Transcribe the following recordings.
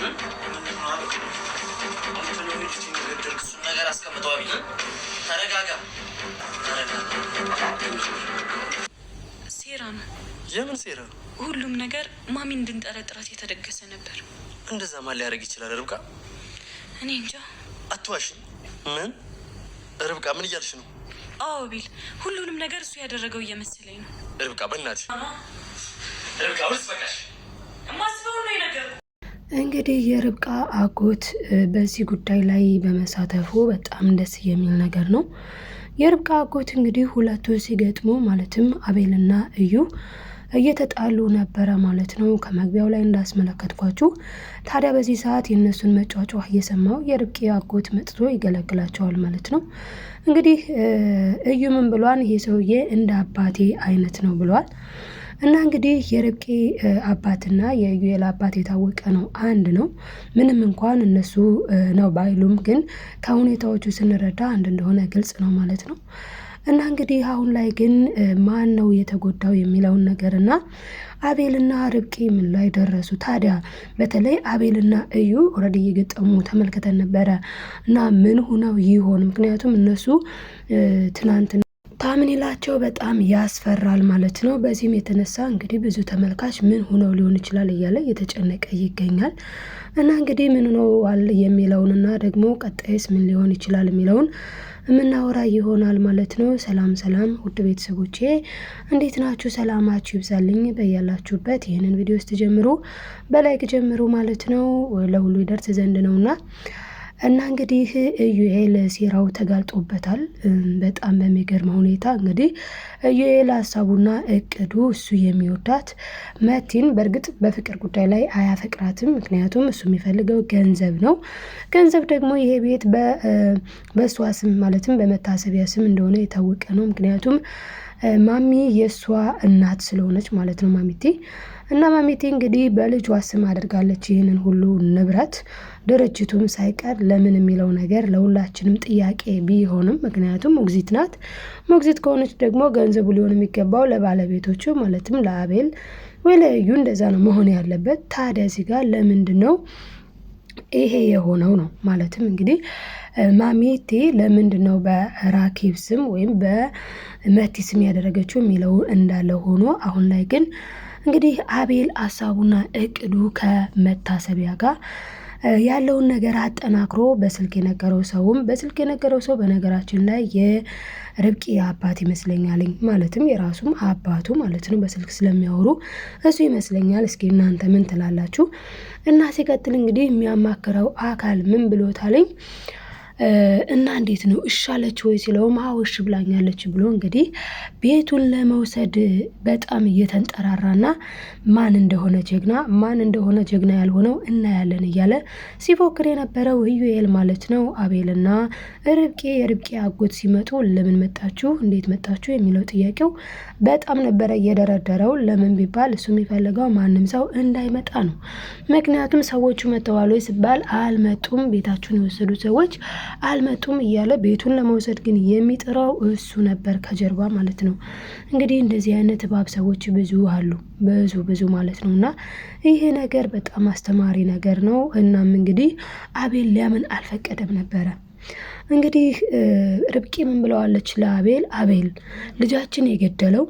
ግን ብዬ ተረጋጋ ሴራ ነው። የምን ሴራ ነው? ሁሉም ነገር ማሚ እንድንጠረጥራት የተደገሰ ነበር። እንደዛ ማን ሊያደርግ ይችላል? ርብቃ፣ እኔ እንጃ። አትዋሽ። ምን ርብቃ፣ ምን እያልሽ ነው? አዎ ቢል ሁሉንም ነገር እሱ ያደረገው እየመሰለኝ ነው። ርብቃ፣ በእናትሽ ርብቃ፣ በቃሽ እንግዲህ የርብቃ አጎት በዚህ ጉዳይ ላይ በመሳተፉ በጣም ደስ የሚል ነገር ነው። የርብቃ አጎት እንግዲህ ሁለቱ ሲገጥሙ ማለትም አቤልና እዩ እየተጣሉ ነበረ ማለት ነው፣ ከመግቢያው ላይ እንዳስመለከትኳችሁ። ታዲያ በዚህ ሰዓት የእነሱን መጫወጫ እየሰማው የርብቃ አጎት መጥቶ ይገለግላቸዋል ማለት ነው። እንግዲህ እዩ ምን ብሏል? ይሄ ሰውዬ እንደ አባቴ አይነት ነው ብሏል። እና እንግዲህ የርብቄ አባትና የዩኤል አባት የታወቀ ነው፣ አንድ ነው። ምንም እንኳን እነሱ ነው ባይሉም ግን ከሁኔታዎቹ ስንረዳ አንድ እንደሆነ ግልጽ ነው ማለት ነው። እና እንግዲህ አሁን ላይ ግን ማን ነው የተጎዳው የሚለውን ነገር እና አቤልና ርብቃ ምን ላይ ደረሱ ታዲያ? በተለይ አቤልና እዩ ኦልሬዲ እየገጠሙ ተመልክተን ነበረ እና ምን ሁነው ይሆን? ምክንያቱም እነሱ ትናንትና ምን ይላቸው በጣም ያስፈራል ማለት ነው። በዚህም የተነሳ እንግዲህ ብዙ ተመልካች ምን ሆነው ሊሆን ይችላል እያለ እየተጨነቀ ይገኛል። እና እንግዲህ ምን ሆነዋል የሚለውንና ደግሞ ቀጣይስ ምን ሊሆን ይችላል የሚለውን የምናወራ ይሆናል ማለት ነው። ሰላም ሰላም፣ ውድ ቤተሰቦቼ እንዴት ናችሁ? ሰላማችሁ ይብዛልኝ በያላችሁበት። ይህንን ቪዲዮ ስትጀምሩ በላይክ ጀምሩ ማለት ነው። ለሁሉ ይደርስ ዘንድ ነውና እና እንግዲህ ኢዩኤል ሴራው ተጋልጦበታል። በጣም በሚገርመ ሁኔታ እንግዲህ እዩኤል ሀሳቡና እቅዱ እሱ የሚወዳት መቲን፣ በእርግጥ በፍቅር ጉዳይ ላይ አያፈቅራትም። ምክንያቱም እሱ የሚፈልገው ገንዘብ ነው። ገንዘብ ደግሞ ይሄ ቤት በእሷ ስም ማለትም በመታሰቢያ ስም እንደሆነ የታወቀ ነው። ምክንያቱም ማሚ የእሷ እናት ስለሆነች ማለት ነው ማሚቴ እና ማሚቴ እንግዲህ በልጇ ስም አድርጋለች ይህንን ሁሉ ንብረት ድርጅቱም ሳይቀር ለምን የሚለው ነገር ለሁላችንም ጥያቄ ቢሆንም ምክንያቱም ሞግዚት ናት። ሞግዚት ከሆነች ደግሞ ገንዘቡ ሊሆን የሚገባው ለባለቤቶቹ ማለትም ለአቤል ወይ ለዩ እንደዛ ነው መሆን ያለበት። ታዲያ እዚህ ጋር ለምንድን ነው ይሄ የሆነው ነው ማለትም እንግዲህ ማሚቴ ለምንድን ነው በራኬብ ስም ወይም በመቲ ስም ያደረገችው የሚለው እንዳለ ሆኖ አሁን ላይ ግን እንግዲህ አቤል ሀሳቡና እቅዱ ከመታሰቢያ ጋር ያለውን ነገር አጠናክሮ በስልክ የነገረው ሰውም በስልክ የነገረው ሰው በነገራችን ላይ የርብቂ አባት ይመስለኛል። ማለትም የራሱም አባቱ ማለት ነው። በስልክ ስለሚያወሩ እሱ ይመስለኛል። እስኪ እናንተ ምን ትላላችሁ? እና ሲቀጥል እንግዲህ የሚያማክረው አካል ምን ብሎታለኝ? እና እንዴት ነው እሻለች ወይ ሲለውም አዎ እሽ ብላኛለች ብሎ እንግዲህ ቤቱን ለመውሰድ በጣም እየተንጠራራና ማን እንደሆነ ጀግና ማን እንደሆነ ጀግና ያልሆነው እናያለን እያለ ሲፎክር የነበረው ኢዩኤል ማለት ነው። አቤልና ርብቄ የርብቄ አጎት ሲመጡ ለምን መጣችሁ፣ እንዴት መጣችሁ የሚለው ጥያቄው በጣም ነበረ እየደረደረው። ለምን ቢባል እሱ የሚፈልገው ማንም ሰው እንዳይመጣ ነው። ምክንያቱም ሰዎቹ መተዋል ወይ ሲባል አልመጡም። ቤታችሁን የወሰዱ ሰዎች አልመጡም እያለ ቤቱን ለመውሰድ ግን የሚጥረው እሱ ነበር ከጀርባ ማለት ነው። እንግዲህ እንደዚህ አይነት እባብ ሰዎች ብዙ አሉ፣ ብዙ ብዙ ማለት ነው። እና ይሄ ነገር በጣም አስተማሪ ነገር ነው። እናም እንግዲህ አቤል ሊያምን አልፈቀደም ነበረ። እንግዲህ ርብቂ ምን ብለዋለች ለአቤል? አቤል ልጃችን የገደለው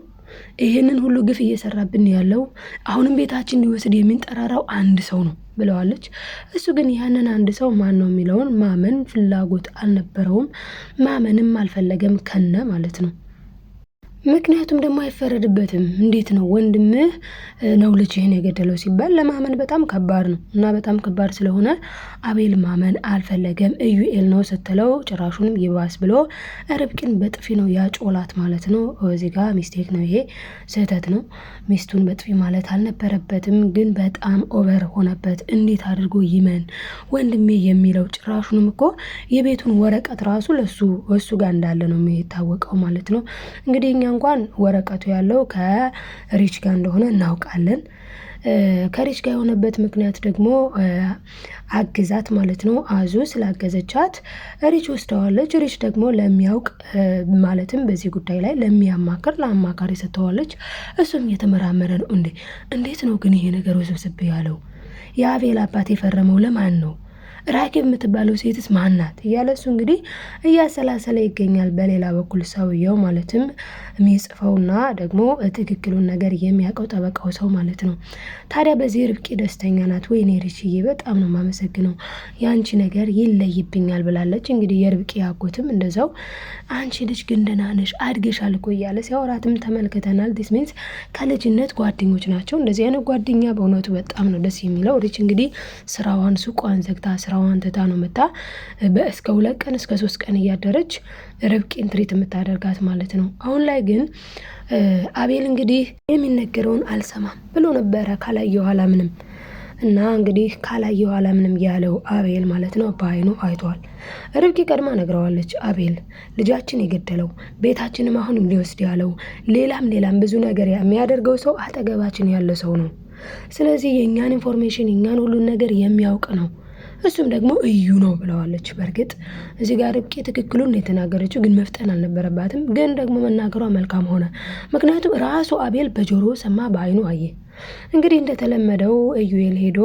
ይህንን ሁሉ ግፍ እየሰራብን ያለው አሁንም ቤታችን ሊወስድ የሚንጠራራው አንድ ሰው ነው ብለዋለች። እሱ ግን ያንን አንድ ሰው ማን ነው የሚለውን ማመን ፍላጎት አልነበረውም፣ ማመንም አልፈለገም ከነ ማለት ነው። ምክንያቱም ደግሞ አይፈረድበትም። እንዴት ነው ወንድምህ ነው ልጅህን የገደለው ሲባል ለማመን በጣም ከባድ ነው እና በጣም ከባድ ስለሆነ አቤል ማመን አልፈለገም። እዩኤል ነው ስትለው ጭራሹንም ይባስ ብሎ ርብቅን በጥፊ ነው ያጮላት ማለት ነው። እዚህ ጋ ሚስቴክ ነው፣ ይሄ ስህተት ነው። ሚስቱን በጥፊ ማለት አልነበረበትም፣ ግን በጣም ኦቨር ሆነበት። እንዴት አድርጎ ይመን ወንድሜ የሚለው ጭራሹንም እኮ የቤቱን ወረቀት ራሱ ለሱ እሱ ጋር እንዳለ ነው የሚታወቀው ማለት ነው እንግዲህ እኛ እንኳን ወረቀቱ ያለው ከሪች ጋር እንደሆነ እናውቃለን። ከሪች ጋር የሆነበት ምክንያት ደግሞ አግዛት ማለት ነው። አዙ ስላገዘቻት ሪች ወስደዋለች። ሪች ደግሞ ለሚያውቅ ማለትም በዚህ ጉዳይ ላይ ለሚያማክር ለአማካሪ ሰጥተዋለች። እሱም እየተመራመረ ነው። እንዴ እንዴት ነው ግን ይሄ ነገር ውስብስብ ያለው? የአቤል አባት የፈረመው ለማን ነው? ራኬ የምትባለው ሴትስ ማናት እያለ እሱ እንግዲህ እያሰላሰለ ይገኛል። በሌላ በኩል ሰውየው ማለትም የሚጽፈውና ደግሞ ትክክሉን ነገር የሚያውቀው ጠበቃው ሰው ማለት ነው። ታዲያ በዚህ ርብቂ ደስተኛ ናት። ወይኔ ርችዬ በጣም ነው የማመሰግነው፣ የአንቺ ነገር ይለይብኛል ብላለች። እንግዲህ የርብቂ አጎትም እንደዛው አንቺ ልጅ ግን ደህና ነሽ አድገሻል እኮ እያለ ሲያወራትም ተመልክተናል። ዲስ ሚንስ ከልጅነት ጓደኞች ናቸው። እንደዚህ አይነት ጓደኛ በእውነቱ በጣም ነው ደስ የሚለው። ርች እንግዲህ ስራዋን ሱቋን ዘግታ ስራ ስራዋን ትታ ነው መጣ እስከ ሁለት ቀን እስከ ሶስት ቀን እያደረች ርብቃን ትሪት የምታደርጋት ማለት ነው። አሁን ላይ ግን አቤል እንግዲህ የሚነገረውን አልሰማም ብሎ ነበረ ካላየ ኋላ ምንም እና እንግዲህ ካላየ ኋላ ምንም ያለው አቤል ማለት ነው በአይኑ አይቷል። ርብቂ ቀድማ ነግረዋለች። አቤል ልጃችን የገደለው ቤታችንም አሁን ሊወስድ ያለው ሌላም ሌላም ብዙ ነገር የሚያደርገው ሰው አጠገባችን ያለ ሰው ነው። ስለዚህ የእኛን ኢንፎርሜሽን የእኛን ሁሉን ነገር የሚያውቅ ነው እሱም ደግሞ እዩ ነው ብለዋለች። በእርግጥ እዚህ ጋር ርብቃ ትክክሉን ነው የተናገረችው፣ ግን መፍጠን አልነበረባትም። ግን ደግሞ መናገሯ መልካም ሆነ። ምክንያቱም ራሱ አቤል በጆሮ ሰማ፣ በአይኑ አየ። እንግዲህ እንደተለመደው እዩኤል ሄዶ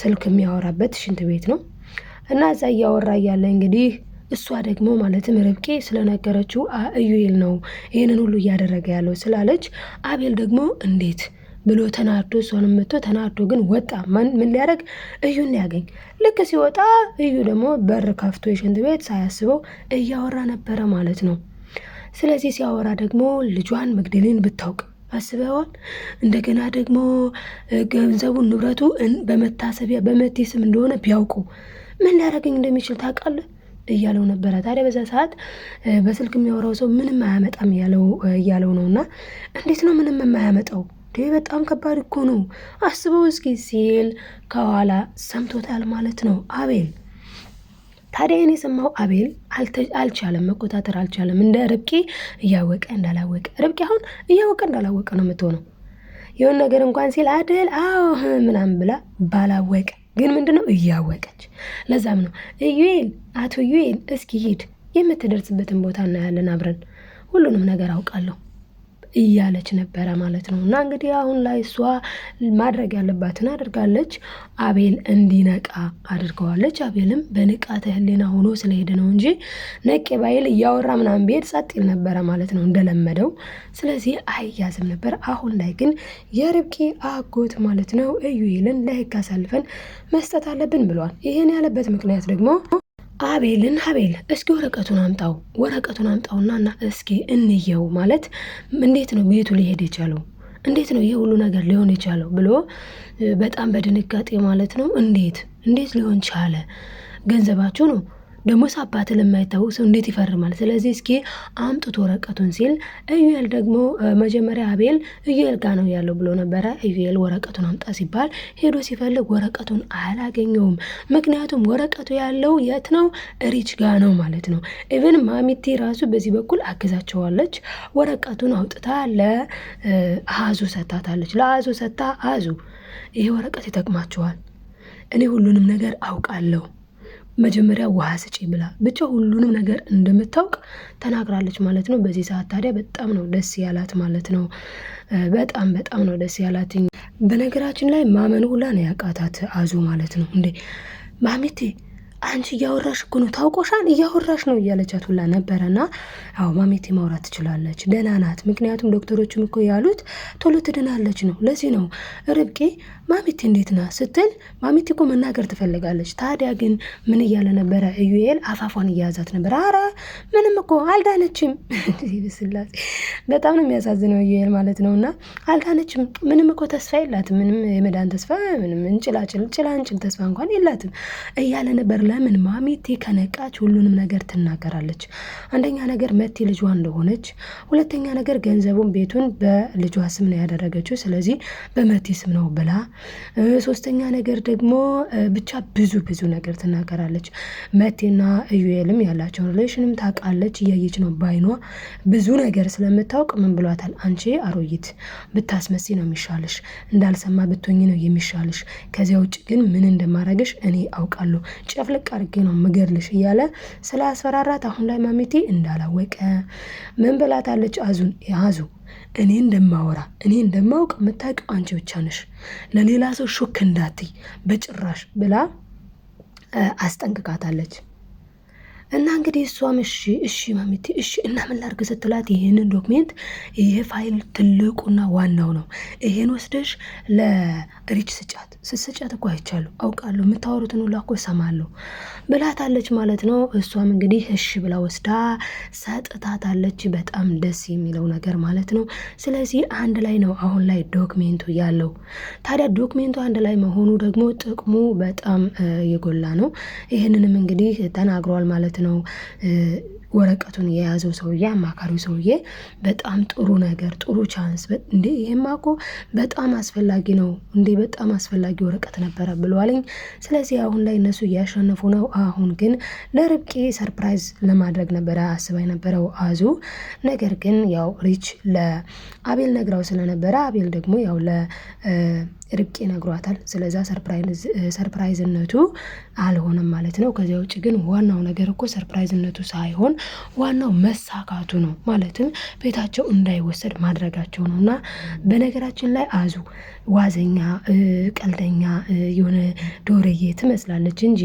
ስልክ የሚያወራበት ሽንት ቤት ነው እና እዛ እያወራ እያለ እንግዲህ እሷ ደግሞ ማለትም ርብቄ ስለነገረችው እዩኤል ነው ይህንን ሁሉ እያደረገ ያለው ስላለች አቤል ደግሞ እንዴት ብሎ ተናዶ እሷንም መቶ ተናዶ ግን ወጣ። ምን ሊያደርግ እዩን ያገኝ። ልክ ሲወጣ እዩ ደግሞ በር ከፍቶ የሽንት ቤት ሳያስበው እያወራ ነበረ ማለት ነው። ስለዚህ ሲያወራ ደግሞ ልጇን መግደልን ብታውቅ አስበዋል። እንደገና ደግሞ ገንዘቡን ንብረቱ በመታሰቢያ በመቴ ስም እንደሆነ ቢያውቁ ምን ሊያደርገኝ እንደሚችል ታውቃለህ እያለው ነበረ። ታዲያ በዛ ሰዓት በስልክ የሚያወራው ሰው ምንም አያመጣም እያለው ነው። እና እንዴት ነው ምንም የማያመጣው በጣም ከባድ እኮ ነው አስበው እስኪ ሲል ከኋላ ሰምቶታል ማለት ነው አቤል። ታዲያ እኔ የሰማው አቤል አልቻለም፣ መቆጣጠር አልቻለም። እንደ ርብቄ እያወቀ እንዳላወቀ ርብቄ አሁን እያወቀ እንዳላወቀ ነው የምትሆነው። የሆን ነገር እንኳን ሲል አደል አዎ ምናምን ብላ ባላወቀ ግን ምንድነው እያወቀች። ለዛም ነው እዩኤል፣ አቶ እዩኤል እስኪ ሂድ የምትደርስበትን ቦታ እናያለን አብረን ሁሉንም ነገር አውቃለሁ እያለች ነበረ ማለት ነው። እና እንግዲህ አሁን ላይ እሷ ማድረግ ያለባትን አድርጋለች። አቤል እንዲነቃ አድርገዋለች። አቤልም በንቃተ ህሊና ሆኖ ስለሄደ ነው እንጂ ነቄ ባይል እያወራ ምናምን ቢሄድ ጸጥ ይል ነበረ ማለት ነው እንደለመደው። ስለዚህ አይያዝም ነበር። አሁን ላይ ግን የርብቂ አጎት ማለት ነው ይልን ለህግ አሳልፈን መስጠት አለብን ብለዋል። ይህን ያለበት ምክንያት ደግሞ አቤልን አቤል እስኪ ወረቀቱን አምጣው ወረቀቱን አምጣውና እና እስኪ እንየው ማለት እንዴት ነው ቤቱ ሊሄድ የቻለው እንዴት ነው ይህ ሁሉ ነገር ሊሆን የቻለው ብሎ በጣም በድንጋጤ ማለት ነው እንዴት እንዴት ሊሆን ቻለ ገንዘባችሁ ነው ደሞስ አባት ለማይታወቅ ሰው እንዴት ይፈርማል? ስለዚህ እስኪ አምጥቶ ወረቀቱን ሲል እዩኤል ደግሞ መጀመሪያ አቤል እዩኤል ጋ ነው ያለው ብሎ ነበረ። እዩኤል ወረቀቱን አምጣ ሲባል ሄዶ ሲፈልግ ወረቀቱን አላገኘውም። ምክንያቱም ወረቀቱ ያለው የት ነው? ሪች ጋ ነው ማለት ነው። ኢቨን ማሚቲ ራሱ በዚህ በኩል አግዛቸዋለች። ወረቀቱን አውጥታ ለአዙ ሰታታለች። ለአዙ ሰታ አዙ ይሄ ወረቀት ይጠቅማቸዋል እኔ ሁሉንም ነገር አውቃለሁ መጀመሪያ ውሃ ስጪ ብላ ብቻ ሁሉንም ነገር እንደምታውቅ ተናግራለች ማለት ነው። በዚህ ሰዓት ታዲያ በጣም ነው ደስ ያላት ማለት ነው። በጣም በጣም ነው ደስ ያላትኝ። በነገራችን ላይ ማመን ሁላ ነው ያቃታት አዙ ማለት ነው። እንዴ ማሜቴ አንቺ እያወራሽ እኮ ነው ታውቆሻን እያወራሽ ነው እያለቻት ሁላ ነበረና፣ አዎ ማሜቴ ማውራት ትችላለች፣ ደህና ናት። ምክንያቱም ዶክተሮችም እኮ ያሉት ቶሎ ትድናለች ነው። ለዚህ ነው ርብቄ ማሜቴ እንዴት ና ስትል፣ ማሜቴ እኮ መናገር ትፈልጋለች። ታዲያ ግን ምን እያለ ነበረ? እዩኤል አፋፏን እያያዛት ነበረ። አረ ምንም እኮ አልዳነችም። ስላሴ በጣም ነው የሚያሳዝነው እዩኤል ማለት ነው። እና አልዳነችም፣ ምንም እኮ ተስፋ የላትም። ምንም የመዳን ተስፋ ምንም እንጭላጭል ጭላንጭል ተስፋ እንኳን የላትም እያለ ነበር ለምን ማሜቴ ከነቃች ሁሉንም ነገር ትናገራለች። አንደኛ ነገር መቴ ልጇ እንደሆነች፣ ሁለተኛ ነገር ገንዘቡን ቤቱን በልጇ ስም ነው ያደረገችው፣ ስለዚህ በመቴ ስም ነው ብላ፣ ሶስተኛ ነገር ደግሞ ብቻ ብዙ ብዙ ነገር ትናገራለች። መቴና እዩኤልም ያላቸውን ሪሌሽንም ታውቃለች፣ እያየች ነው ባይኗ ብዙ ነገር ስለምታውቅ ምን ብሏታል? አንቺ አሮይት ብታስመሲ ነው የሚሻልሽ፣ እንዳልሰማ ብቶኝ ነው የሚሻልሽ። ከዚያ ውጭ ግን ምን እንደማረግሽ እኔ አውቃለሁ ጨፍ ጥልቅ አድርጌ ነው ምገድልሽ እያለ ስለ አስፈራራት አሁን ላይ ማሚቴ እንዳላወቀ ምን ብላታለች? አዙን ያዙ እኔ እንደማወራ እኔ እንደማውቅ የምታውቂው አንቺ ብቻ ነሽ፣ ለሌላ ሰው ሹክ እንዳትይ በጭራሽ ብላ አስጠንቅቃታለች። እና እንግዲህ እሷም እሺ እሺ ማሚቴ እሺ እና ምን ላድርግ ስትላት ይህንን ዶክሜንት ይህ ፋይል ትልቁና ዋናው ነው፣ ይህን ወስደሽ ለሪች ስጫት። ስትስጫት እኮ አይቻለሁ፣ አውቃለሁ፣ የምታወሩትን ሁላ እኮ እሰማለሁ ብላታለች ማለት ነው። እሷም እንግዲህ እሺ ብላ ወስዳ ሰጥታታለች። በጣም ደስ የሚለው ነገር ማለት ነው። ስለዚህ አንድ ላይ ነው አሁን ላይ ዶክሜንቱ ያለው። ታዲያ ዶክሜንቱ አንድ ላይ መሆኑ ደግሞ ጥቅሙ በጣም የጎላ ነው። ይህንንም እንግዲህ ተናግሯል ማለት ነው ወረቀቱን የያዘው ሰውዬ አማካሪው ሰውዬ በጣም ጥሩ ነገር ጥሩ ቻንስ እንዴ ይሄማ እኮ በጣም አስፈላጊ ነው እንዴ በጣም አስፈላጊ ወረቀት ነበረ ብለዋልኝ ስለዚህ አሁን ላይ እነሱ እያሸነፉ ነው። አሁን ግን ለርብቃ ሰርፕራይዝ ለማድረግ ነበረ አስባ የነበረው አዙ። ነገር ግን ያው ሪች ለአቤል ነግራው ስለነበረ አቤል ደግሞ ያው ለርብቃ ነግሯታል። ስለዛ ሰርፕራይዝነቱ አልሆነም ማለት ነው። ከዚያ ውጭ ግን ዋናው ነገር እኮ ሰርፕራይዝነቱ ሳይሆን ዋናው መሳካቱ ነው። ማለትም ቤታቸው እንዳይወሰድ ማድረጋቸው ነው እና በነገራችን ላይ አዙ ዋዘኛ፣ ቀልደኛ የሆነ ዶርዬ ትመስላለች እንጂ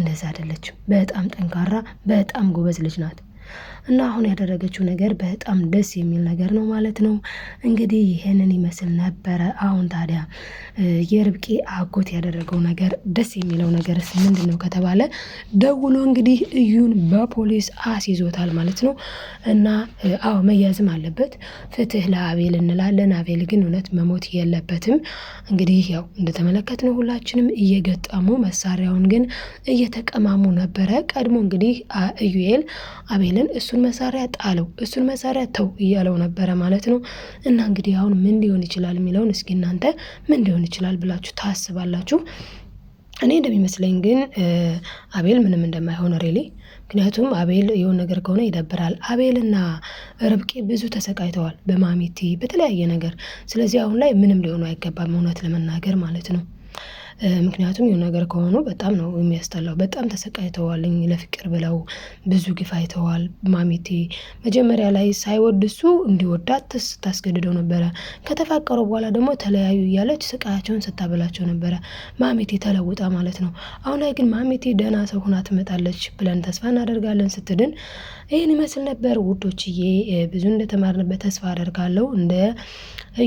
እንደዛ አይደለችም። በጣም ጠንካራ፣ በጣም ጎበዝ ልጅ ናት። እና አሁን ያደረገችው ነገር በጣም ደስ የሚል ነገር ነው ማለት ነው። እንግዲህ ይህንን ይመስል ነበረ። አሁን ታዲያ የርብቄ አጎት ያደረገው ነገር ደስ የሚለው ነገርስ ምንድን ነው ከተባለ ደውሎ እንግዲህ እዩን በፖሊስ አስይዞታል ማለት ነው። እና አዎ መያዝም አለበት። ፍትህ ለአቤል እንላለን። አቤል ግን እውነት መሞት የለበትም። እንግዲህ ያው እንደተመለከትነው ሁላችንም እየገጠሙ መሳሪያውን ግን እየተቀማሙ ነበረ። ቀድሞ እንግዲህ እዩኤል አቤልን እሱ እሱን መሳሪያ ጣለው፣ እሱን መሳሪያ ተው እያለው ነበረ ማለት ነው። እና እንግዲህ አሁን ምን ሊሆን ይችላል የሚለውን እስኪ እናንተ ምን ሊሆን ይችላል ብላችሁ ታስባላችሁ? እኔ እንደሚመስለኝ ግን አቤል ምንም እንደማይሆን ሬሌ ምክንያቱም አቤል የሆን ነገር ከሆነ ይደብራል። አቤልና ርብቃ ብዙ ተሰቃይተዋል በማሚቲ በተለያየ ነገር። ስለዚህ አሁን ላይ ምንም ሊሆኑ አይገባም እውነት ለመናገር ማለት ነው። ምክንያቱም የሆነ ነገር ከሆኑ በጣም ነው የሚያስጠላው። በጣም ተሰቃይተዋል፣ ለፍቅር ብለው ብዙ ግፍ አይተዋል። ማሜቴ መጀመሪያ ላይ ሳይወድ እሱ እንዲወዳት ስታስገድደው ነበረ። ከተፋቀሩ በኋላ ደግሞ ተለያዩ እያለች ስቃያቸውን ስታበላቸው ነበረ። ማሜቴ ተለውጣ ማለት ነው። አሁን ላይ ግን ማሜቴ ደህና ሰው ሁና ትመጣለች ብለን ተስፋ እናደርጋለን። ስትድን ይህን ይመስል ነበር ውዶችዬ። ብዙ እንደተማርንበት ተስፋ አደርጋለሁ እንደ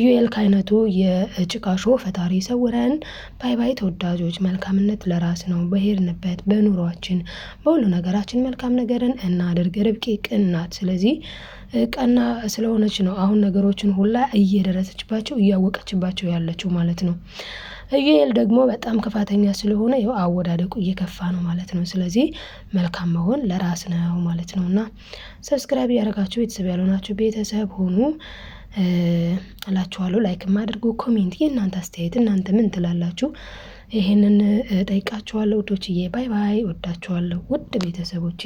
ዩኤል ከአይነቱ የጭቃ ሾው ፈጣሪ ሰውረን ባይ ባይ ተወዳጆች። መልካምነት ለራስ ነው። በሄድንበት በኑሯችን በሁሉ ነገራችን መልካም ነገርን እናድርግ። ርብቃ ቅን ናት። ስለዚህ ቀና ስለሆነች ነው አሁን ነገሮችን ሁላ እየደረሰችባቸው እያወቀችባቸው ያለችው ማለት ነው። እዩኤል ደግሞ በጣም ከፋተኛ ስለሆነ ያው አወዳደቁ እየከፋ ነው ማለት ነው። ስለዚህ መልካም መሆን ለራስ ነው ማለት ነው እና ሰብስክራይብ ያደረጋችሁ ቤተሰብ ያልሆናችሁ ቤተሰብ ሆኑ። እላችኋለሁ። ላይክም አድርጉ፣ ኮሜንት፣ የእናንተ አስተያየት እናንተ ምን ትላላችሁ? ይህንን ጠይቃችኋለሁ። ውዶችዬ ባይ ባይ። ወዳችኋለሁ ውድ ቤተሰቦቼ።